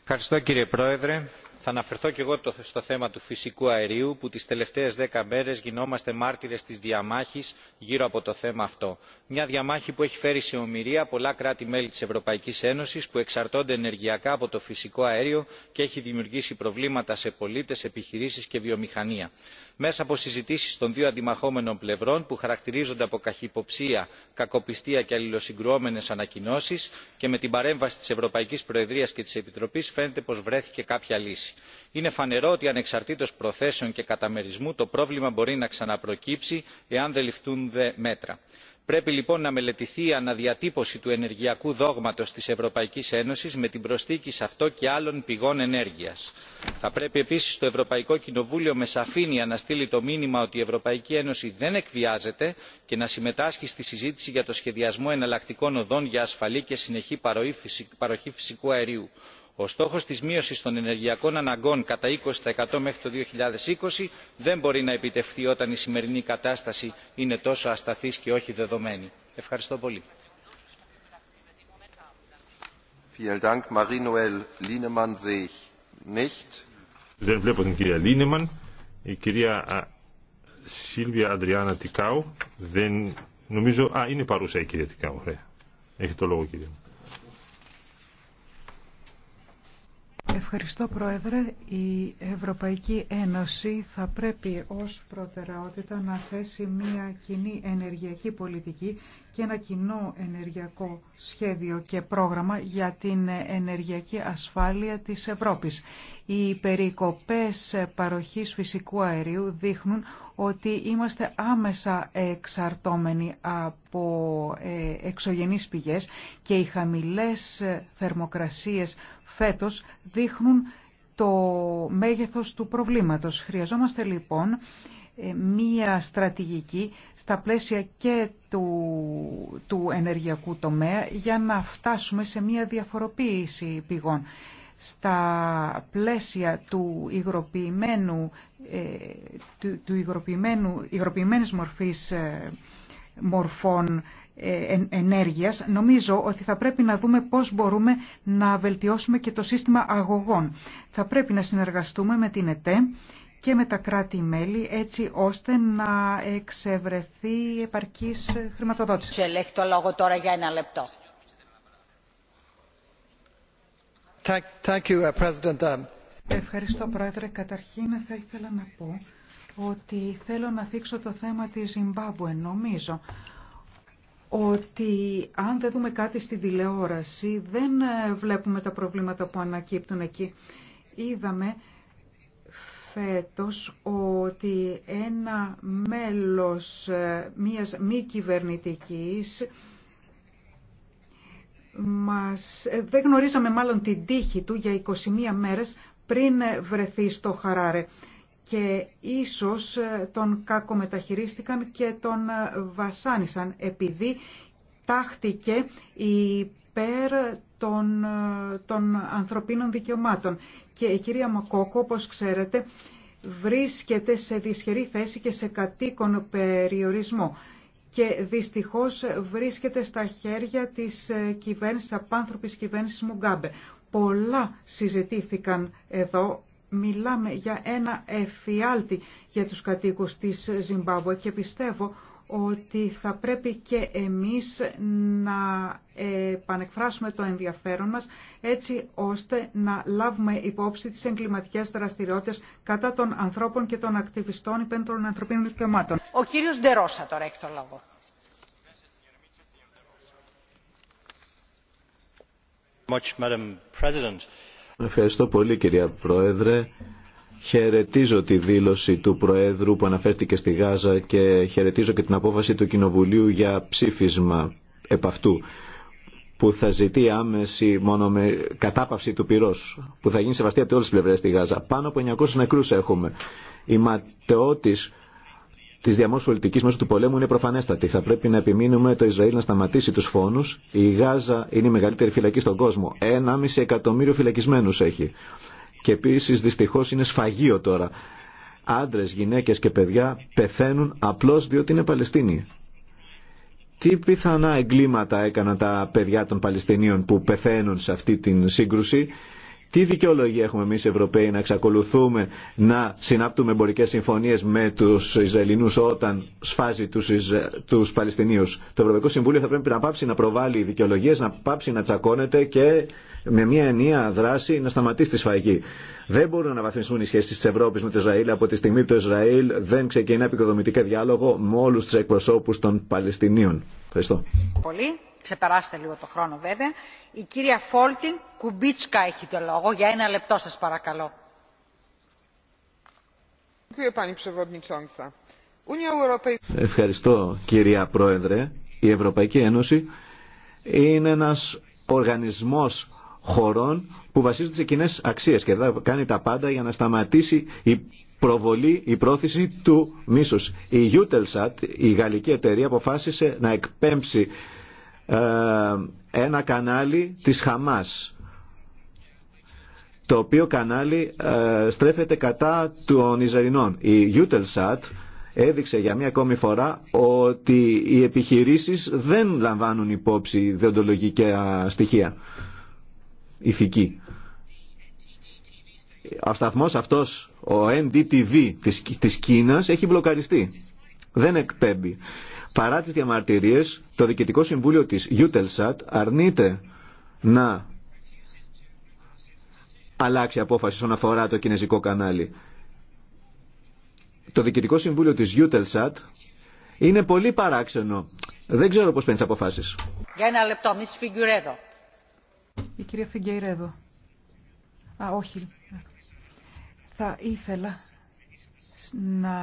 Ευχαριστώ κύριε Πρόεδρε. Θα αναφερθώ και εγώ στο θέμα του φυσικού αερίου που τις τελευταίες δέκα μέρες γινόμαστε μάρτυρες της διαμάχης γύρω από το θέμα αυτό. Μια διαμάχη που έχει φέρει σε ομοιρία πολλά κράτη-μέλη της Ευρωπαϊκής Ένωσης που εξαρτώνται ενεργειακά από το φυσικό αέριο και έχει δημιουργήσει προβλήματα σε πολίτες, επιχειρήσεις και βιομηχανία μέσα από συζητήσει των δύο αντιμαχόμενων πλευρών που χαρακτηρίζονται από καχυποψία κακοπιστία και αλληλοσυγκρουόμενε ανακοινώσει και με την παρέμβαση της ευρωπαϊκής προεδρίας και της επιτροπής φαίνεται πως βρέθηκε κάποια λύση. είναι φανερό ότι ανεξαρτήτως προθέσεων και καταμερισμού το πρόβλημα μπορεί να ξαναπροκύψει εάν δεν ληφθούν μέτρα πρέπει λοιπόν να μελετηθεί η αναδιατύπωση του ενεργειακού δόγματος της ευρωπαϊκής ένωσης με την προσθήκη σε αυτό και άλλων πηγών ενέργειας. θα πρέπει επίσης το ευρωπαϊκό κοινοβούλιο με σαφήνεια να στείλει το μήνυμα ότι η ευρωπαϊκή ένωση δεν εκβιάζεται και να συμμετάσχει στη συζήτηση για το σχεδιασμό εναλλακτικών οδών για ασφαλή και συνεχή παροχή φυσικού αερίου ο στόχος της μείωσης των ενεργειακών αναγκών κατά 20% μέχρι το 2020 δεν μπορεί να επιτευχθεί όταν η σημερινή κατάσταση είναι τόσο ασταθής και όχι δεδομένη. Ευχαριστώ πολύ. Δεν βλέπω την κυρία Λίνεμαν. Η κυρία Σίλβια Αντριάννα Τικάου δεν νομίζω... Α, είναι παρούσα η κυρία Τικάου. Έχει το λόγο Ευχαριστώ Πρόεδρε. Η Ευρωπαϊκή Ένωση θα πρέπει ως προτεραιότητα να θέσει μια κοινή ενεργειακή πολιτική και ένα κοινό ενεργειακό σχέδιο και πρόγραμμα για την ενεργειακή ασφάλεια της Ευρώπης. Οι περικοπές παροχής φυσικού αερίου δείχνουν ότι είμαστε άμεσα εξαρτώμενοι από ε, εξωγενείς πηγές και οι χαμηλές θερμοκρασίες φέτος δείχνουν το μέγεθος του προβλήματος. Χρειαζόμαστε λοιπόν ε, μία στρατηγική στα πλαίσια και του, του ενεργειακού τομέα για να φτάσουμε σε μία διαφοροποίηση πηγών. Στα πλαίσια του υγροποιημένου, ε, του, του υγροποιημένου, υγροποιημένης μορφής ε, μορφών ενέργειας, νομίζω ότι θα πρέπει να δούμε πώς μπορούμε να βελτιώσουμε και το σύστημα αγωγών. Θα πρέπει να συνεργαστούμε με την ΕΤΕ και με τα κράτη-μέλη έτσι ώστε να εξευρεθεί επαρκής χρηματοδότηση. Σε το λόγο τώρα για ένα λεπτό. Uh, um, Ευχαριστώ Πρόεδρε. Καταρχήν θα ήθελα να πω ότι θέλω να θίξω το θέμα της Ζιμπάμπουε. Νομίζω ότι αν δεν δούμε κάτι στην τηλεόραση δεν ε, βλέπουμε τα προβλήματα που ανακύπτουν εκεί. Είδαμε φέτος ότι ένα μέλος ε, μιας μη κυβερνητικής μας, ε, δεν γνωρίζαμε μάλλον την τύχη του για 21 μέρες πριν βρεθεί στο Χαράρε και ίσως ε, τον κακομεταχειρίστηκαν και τον βασάνισαν επειδή τάχτηκε υπέρ των, των ανθρωπίνων δικαιωμάτων και η κυρία Μακόκο, όπως ξέρετε, βρίσκεται σε δυσχερή θέση και σε κατοίκον περιορισμό και δυστυχώς βρίσκεται στα χέρια της ε, κυβέρνησης, απάνθρωπης κυβέρνησης Μουγκάμπε. Πολλά συζητήθηκαν εδώ, μιλάμε για ένα εφιάλτη για τους κατοίκους της Ζιμπάμπουε και πιστεύω ότι θα πρέπει και εμείς να επανεκφράσουμε το ενδιαφέρον μας έτσι ώστε να λάβουμε υπόψη τις εγκληματικές δραστηριότητες κατά των ανθρώπων και των ακτιβιστών υπέρ των ανθρωπίνων δικαιωμάτων. Ο κύριος Ντερόσα τώρα έχει το λόγο. Ευχαριστώ πολύ κυρία Πρόεδρε. Χαιρετίζω τη δήλωση του Προέδρου που αναφέρθηκε στη Γάζα και χαιρετίζω και την απόφαση του Κοινοβουλίου για ψήφισμα επ' αυτού που θα ζητεί άμεση μόνο με κατάπαυση του πυρός που θα γίνει σεβαστή από όλες τις πλευρές στη Γάζα. Πάνω από 900 νεκρούς έχουμε. Η ματαιότης τη διαμόρφωση πολιτική μέσω του πολέμου είναι προφανέστατη. Θα πρέπει να επιμείνουμε το Ισραήλ να σταματήσει του φόνου. Η Γάζα είναι η μεγαλύτερη φυλακή στον κόσμο. 1,5 εκατομμύριο φυλακισμένου έχει και επίσης δυστυχώς είναι σφαγείο τώρα. Άντρες, γυναίκες και παιδιά πεθαίνουν απλώς διότι είναι Παλαιστίνοι. Τι πιθανά εγκλήματα έκαναν τα παιδιά των Παλαιστινίων που πεθαίνουν σε αυτή την σύγκρουση τι δικαιολογία έχουμε εμεί οι Ευρωπαίοι να εξακολουθούμε να συνάπτουμε εμπορικέ συμφωνίε με του Ισραηλινού όταν σφάζει του τους Παλαιστινίου. Το Ευρωπαϊκό Συμβούλιο θα πρέπει να πάψει να προβάλλει δικαιολογίε, να πάψει να τσακώνεται και με μια ενιαία δράση να σταματήσει τη σφαγή. Δεν μπορούν να βαθμιστούν οι σχέσει τη Ευρώπη με το Ισραήλ από τη στιγμή που το Ισραήλ δεν ξεκινά επικοδομητικά διάλογο με όλου του εκπροσώπου των Παλαιστινίων. Ευχαριστώ. Ξεπεράστε λίγο το χρόνο βέβαια. Η κυρία Φόλτιν Κουμπίτσκα έχει το λόγο. Για ένα λεπτό σας παρακαλώ. Ευχαριστώ κυρία Πρόεδρε. Η Ευρωπαϊκή Ένωση είναι ένας οργανισμός χωρών που βασίζεται σε κοινέ αξίες και θα κάνει τα πάντα για να σταματήσει η προβολή, η πρόθεση του μίσους. Η Utelsat, η γαλλική εταιρεία, αποφάσισε να εκπέμψει ε, ένα κανάλι της Χαμάς το οποίο κανάλι ε, στρέφεται κατά των Ιζαρινών. Η Eutelsat έδειξε για μία ακόμη φορά ότι οι επιχειρήσεις δεν λαμβάνουν υπόψη δεοντολογικά στοιχεία ηθική. Ο αυτός, ο NDTV της, της Κίνας, έχει μπλοκαριστεί. Δεν εκπέμπει. Παρά τις διαμαρτυρίες, το Διοικητικό Συμβούλιο της UTELSAT αρνείται να αλλάξει απόφαση όσον αφορά το κινέζικο κανάλι. Το Διοικητικό Συμβούλιο της UTELSAT είναι πολύ παράξενο. Δεν ξέρω πώς παίρνει αποφάσεις. Για ένα λεπτό, μη Η κυρία Φιγκεϊρέδο. Α, όχι. Θα ήθελα να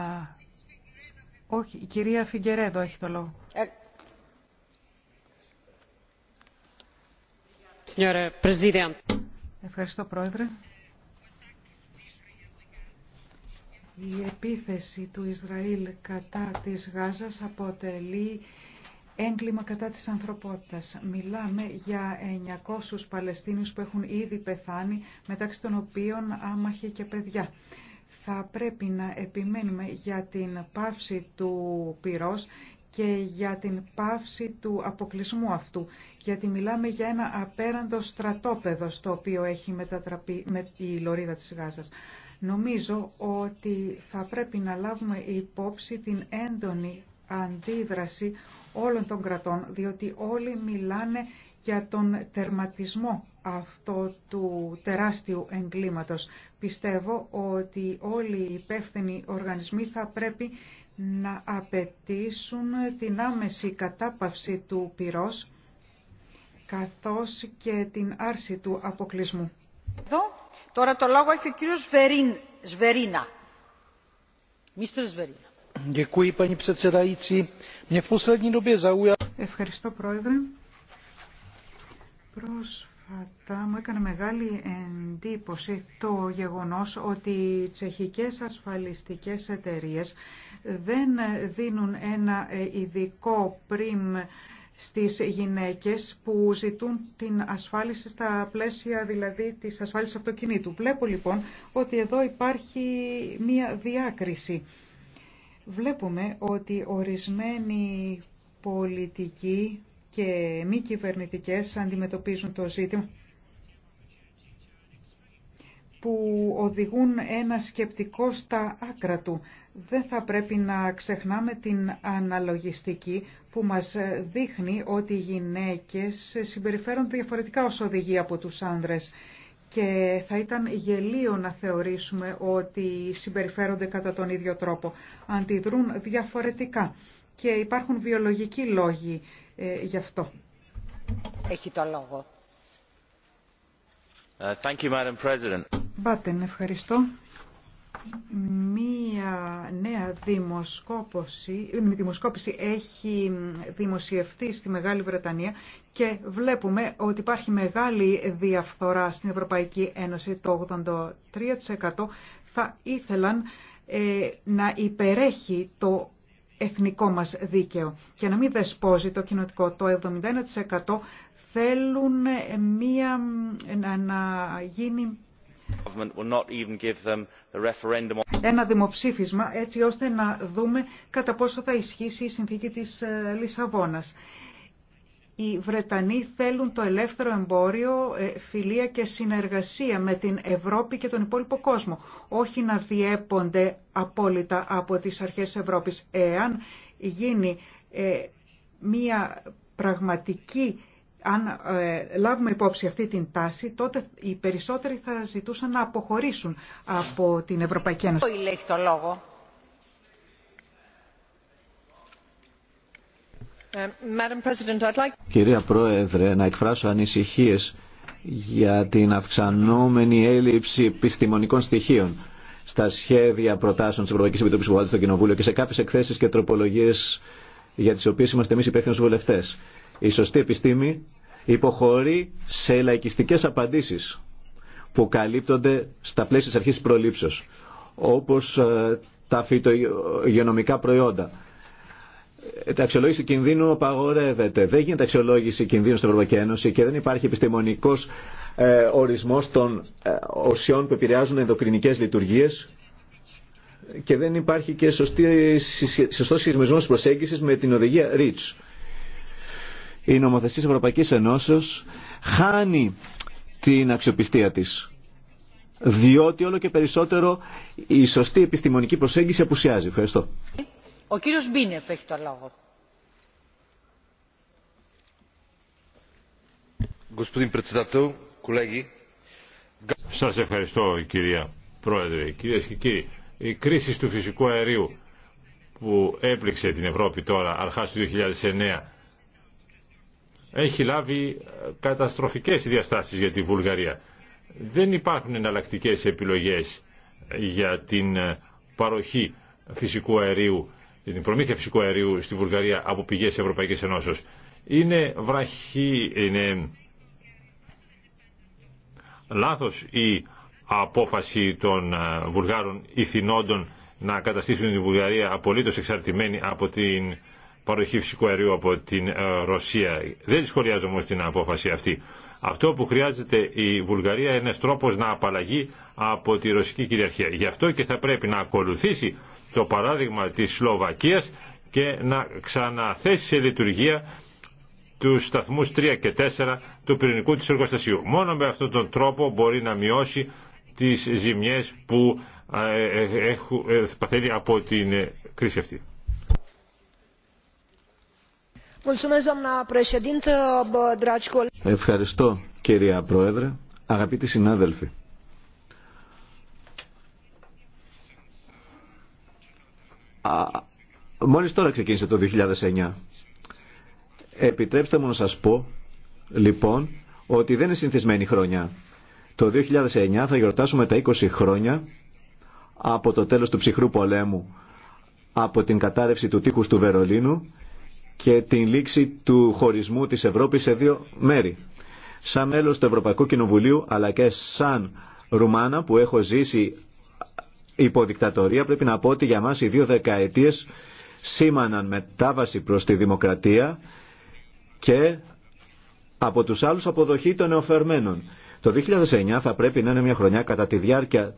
η κυρία Φιγκερέδο έχει το λόγο. Ε, Ευχαριστώ, Πρόεδρε. Η επίθεση του Ισραήλ κατά της Γάζας αποτελεί έγκλημα κατά της ανθρωπότητας. Μιλάμε για 900 Παλαιστίνιους που έχουν ήδη πεθάνει, μεταξύ των οποίων άμαχοι και παιδιά θα πρέπει να επιμένουμε για την πάυση του πυρός και για την πάυση του αποκλεισμού αυτού. Γιατί μιλάμε για ένα απέραντο στρατόπεδο στο οποίο έχει μετατραπεί με η λωρίδα της Γάζας. Νομίζω ότι θα πρέπει να λάβουμε υπόψη την έντονη αντίδραση όλων των κρατών, διότι όλοι μιλάνε για τον τερματισμό αυτό του τεράστιου εγκλήματος. Πιστεύω ότι όλοι οι υπεύθυνοι οργανισμοί θα πρέπει να απαιτήσουν την άμεση κατάπαυση του πυρός καθώς και την άρση του αποκλεισμού. τώρα το λόγο έχει ο κύριος Σβερίνα. Σβερίνα. Ευχαριστώ, Πρόεδρε. Πρόσφατα μου έκανε μεγάλη εντύπωση το γεγονός ότι οι τσεχικές ασφαλιστικές εταιρείες δεν δίνουν ένα ε, ειδικό πριμ στις γυναίκες που ζητούν την ασφάλιση στα πλαίσια δηλαδή της ασφάλισης αυτοκινήτου. Βλέπω λοιπόν ότι εδώ υπάρχει μία διάκριση Βλέπουμε ότι ορισμένοι πολιτικοί και μη κυβερνητικέ αντιμετωπίζουν το ζήτημα που οδηγούν ένα σκεπτικό στα άκρα του. Δεν θα πρέπει να ξεχνάμε την αναλογιστική που μας δείχνει ότι οι γυναίκες συμπεριφέρονται διαφορετικά ως οδηγοί από τους άνδρες και θα ήταν γελίο να θεωρήσουμε ότι συμπεριφέρονται κατά τον ίδιο τρόπο. Αντιδρούν διαφορετικά και υπάρχουν βιολογικοί λόγοι ε, γι' αυτό. Έχει το λόγο. Uh, thank you, Madam President. ευχαριστώ. Μία νέα δημοσκόπηση, δημοσκόπηση έχει δημοσιευτεί στη Μεγάλη Βρετανία και βλέπουμε ότι υπάρχει μεγάλη διαφθορά στην Ευρωπαϊκή Ένωση. Το 83% θα ήθελαν ε, να υπερέχει το εθνικό μας δίκαιο και να μην δεσπόζει το κοινοτικό. Το 71% θέλουν ε, μία, να γίνει ένα δημοψήφισμα έτσι ώστε να δούμε κατά πόσο θα ισχύσει η συνθήκη της ε, Λισαβόνας. Οι Βρετανοί θέλουν το ελεύθερο εμπόριο, ε, φιλία και συνεργασία με την Ευρώπη και τον υπόλοιπο κόσμο, όχι να διέπονται απόλυτα από τις αρχές Ευρώπης. Εάν γίνει ε, μία πραγματική αν ε, λάβουμε υπόψη αυτή την τάση, τότε οι περισσότεροι θα ζητούσαν να αποχωρήσουν από την Ευρωπαϊκή Ένωση. το λόγο. Ε, Κυρία Πρόεδρε, να εκφράσω ανησυχίες για την αυξανόμενη έλλειψη επιστημονικών στοιχείων στα σχέδια προτάσεων της Ευρωπαϊκής Επιτροπής που του στο Κοινοβούλιο και σε κάποιες εκθέσεις και τροπολογίες για τις οποίες είμαστε εμείς υπεύθυνοι βουλευτές. Η σωστή επιστήμη υποχωρεί σε λαϊκιστικές απαντήσεις που καλύπτονται στα πλαίσια της αρχής της προλήψεως, όπως ε, τα φυτογενομικά προϊόντα. Ε, τα αξιολόγηση κινδύνου απαγορεύεται. Δεν γίνεται αξιολόγηση κινδύνου στην Ευρωπαϊκή Ένωση και δεν υπάρχει επιστημονικός ε, ορισμός των οσιών που επηρεάζουν ενδοκρινικές λειτουργίες και δεν υπάρχει και σωστή, σωστός προσέγγιση προσέγγισης με την οδηγία REACH η νομοθεσία της Ευρωπαϊκής Ενώσεως χάνει την αξιοπιστία της. Διότι όλο και περισσότερο η σωστή επιστημονική προσέγγιση απουσιάζει. Ευχαριστώ. Ο κύριος Μπίνεφ έχει το λόγο. Σας ευχαριστώ κυρία Πρόεδρε. Κυρίες και κύριοι, η κρίση του φυσικού αερίου που έπληξε την Ευρώπη τώρα αρχάς του 2009 έχει λάβει ε, καταστροφικές διαστάσεις για τη Βουλγαρία. Δεν υπάρχουν εναλλακτικές επιλογές ε, για την ε, παροχή φυσικού αερίου, την προμήθεια φυσικού αερίου στη Βουλγαρία από πηγές Ευρωπαϊκής Ενώσεως. Είναι βραχή, είναι λάθος η απόφαση των Βουλγάρων ηθινόντων να καταστήσουν τη Βουλγαρία απολύτως εξαρτημένη από την παροχή φυσικού αερίου από την ε, Ρωσία. Δεν σχολιάζω όμως την απόφαση αυτή. Αυτό που χρειάζεται η Βουλγαρία είναι ένας να απαλλαγεί από τη ρωσική κυριαρχία. Γι' αυτό και θα πρέπει να ακολουθήσει το παράδειγμα της Σλοβακίας και να ξαναθέσει σε λειτουργία του σταθμού 3 και 4 του πυρηνικού της εργοστασίου. Μόνο με αυτόν τον τρόπο μπορεί να μειώσει τις ζημιές που ε, ε, παθαίνει από την κρίση αυτή. Ευχαριστώ κυρία Πρόεδρε, αγαπητοί συνάδελφοι. Α, μόλις τώρα ξεκίνησε το 2009. Επιτρέψτε μου να σας πω, λοιπόν, ότι δεν είναι συνηθισμένη χρονιά. Το 2009 θα γιορτάσουμε τα 20 χρόνια από το τέλος του ψυχρού πολέμου, από την κατάρρευση του τείχους του Βερολίνου και την λήξη του χωρισμού της Ευρώπης σε δύο μέρη. Σαν μέλος του Ευρωπαϊκού Κοινοβουλίου αλλά και σαν Ρουμάνα που έχω ζήσει υποδικτατορία πρέπει να πω ότι για μας οι δύο δεκαετίες σήμαναν μετάβαση προς τη δημοκρατία και από τους άλλους αποδοχή των νεοφερμένων. Το 2009 θα πρέπει να είναι μια χρονιά κατά τη διάρκεια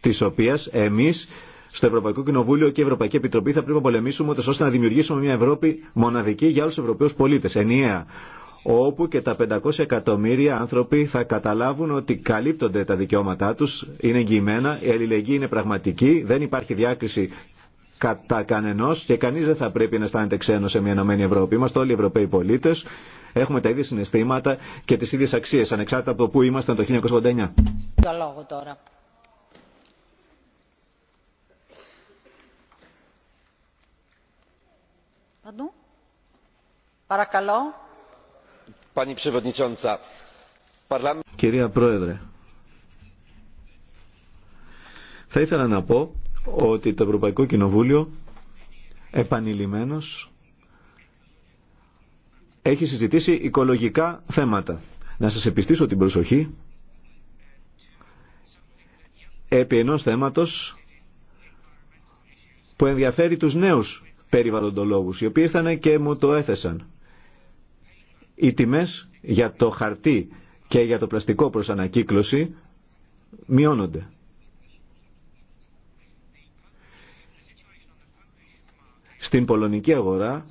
της οποίας εμείς στο Ευρωπαϊκό Κοινοβούλιο και η Ευρωπαϊκή Επιτροπή θα πρέπει να πολεμήσουμε ώστε να δημιουργήσουμε μια Ευρώπη μοναδική για όλου του Ευρωπαίου πολίτε, ενιαία όπου και τα 500 εκατομμύρια άνθρωποι θα καταλάβουν ότι καλύπτονται τα δικαιώματά τους, είναι εγγυημένα, η αλληλεγγύη είναι πραγματική, δεν υπάρχει διάκριση κατά κανενός και κανείς δεν θα πρέπει να αισθάνεται ξένο σε μια Ενωμένη Ευρώπη. Είμαστε όλοι Ευρωπαίοι πολίτες, έχουμε τα ίδια συναισθήματα και τις ίδιες αξίες, ανεξάρτητα από που είμαστε το 1989. Το τώρα. Κυρία Πρόεδρε, θα ήθελα να πω ότι το Ευρωπαϊκό Κοινοβούλιο επανειλημμένος έχει συζητήσει οικολογικά θέματα. Να σας επιστήσω την προσοχή επί ενός θέματος που ενδιαφέρει τους νέους περιβαλλοντολόγους, οι οποίοι ήρθαν και μου το έθεσαν. Οι τιμές για το χαρτί και για το πλαστικό προς ανακύκλωση μειώνονται. Στην πολωνική αγορά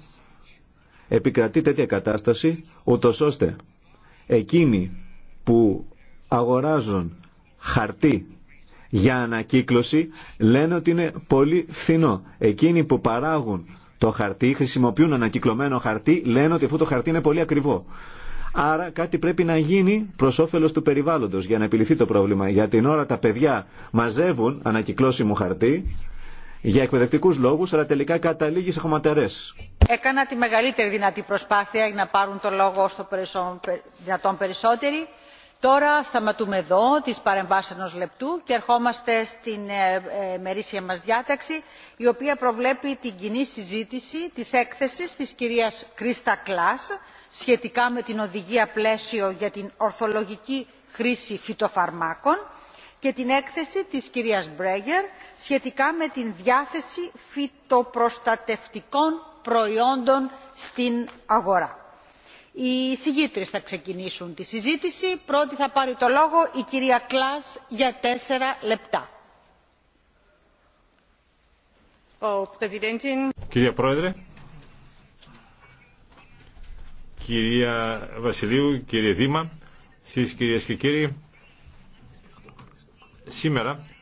επικρατεί τέτοια κατάσταση, ούτω ώστε εκείνοι που αγοράζουν χαρτί για ανακύκλωση λένε ότι είναι πολύ φθηνό. Εκείνοι που παράγουν το χαρτί, χρησιμοποιούν ανακυκλωμένο χαρτί, λένε ότι αυτό το χαρτί είναι πολύ ακριβό. Άρα κάτι πρέπει να γίνει προ όφελο του περιβάλλοντο για να επιληθεί το πρόβλημα. Για την ώρα τα παιδιά μαζεύουν ανακυκλώσιμο χαρτί για εκπαιδευτικού λόγου, αλλά τελικά καταλήγει σε χωματερέ. Έκανα τη μεγαλύτερη δυνατή προσπάθεια για να πάρουν το λόγο στο δυνατόν περισσότεροι Τώρα σταματούμε εδώ τις παρεμβάσεις ενός λεπτού και ερχόμαστε στην ε, ε, μερίσια μας διάταξη η οποία προβλέπει την κοινή συζήτηση της έκθεσης της κυρίας Κρίστα Κλάς σχετικά με την οδηγία πλαίσιο για την ορθολογική χρήση φυτοφαρμάκων και την έκθεση της κυρίας Μπρέγερ σχετικά με την διάθεση φυτοπροστατευτικών προϊόντων στην αγορά οι συγγήτρες θα ξεκινήσουν τη συζήτηση. Πρώτη θα πάρει το λόγο η κυρία Κλάς για τέσσερα λεπτά. Κυρία Πρόεδρε, κυρία Βασιλείου, κύριε Δήμα, εσείς κυρίες και κύριοι, σήμερα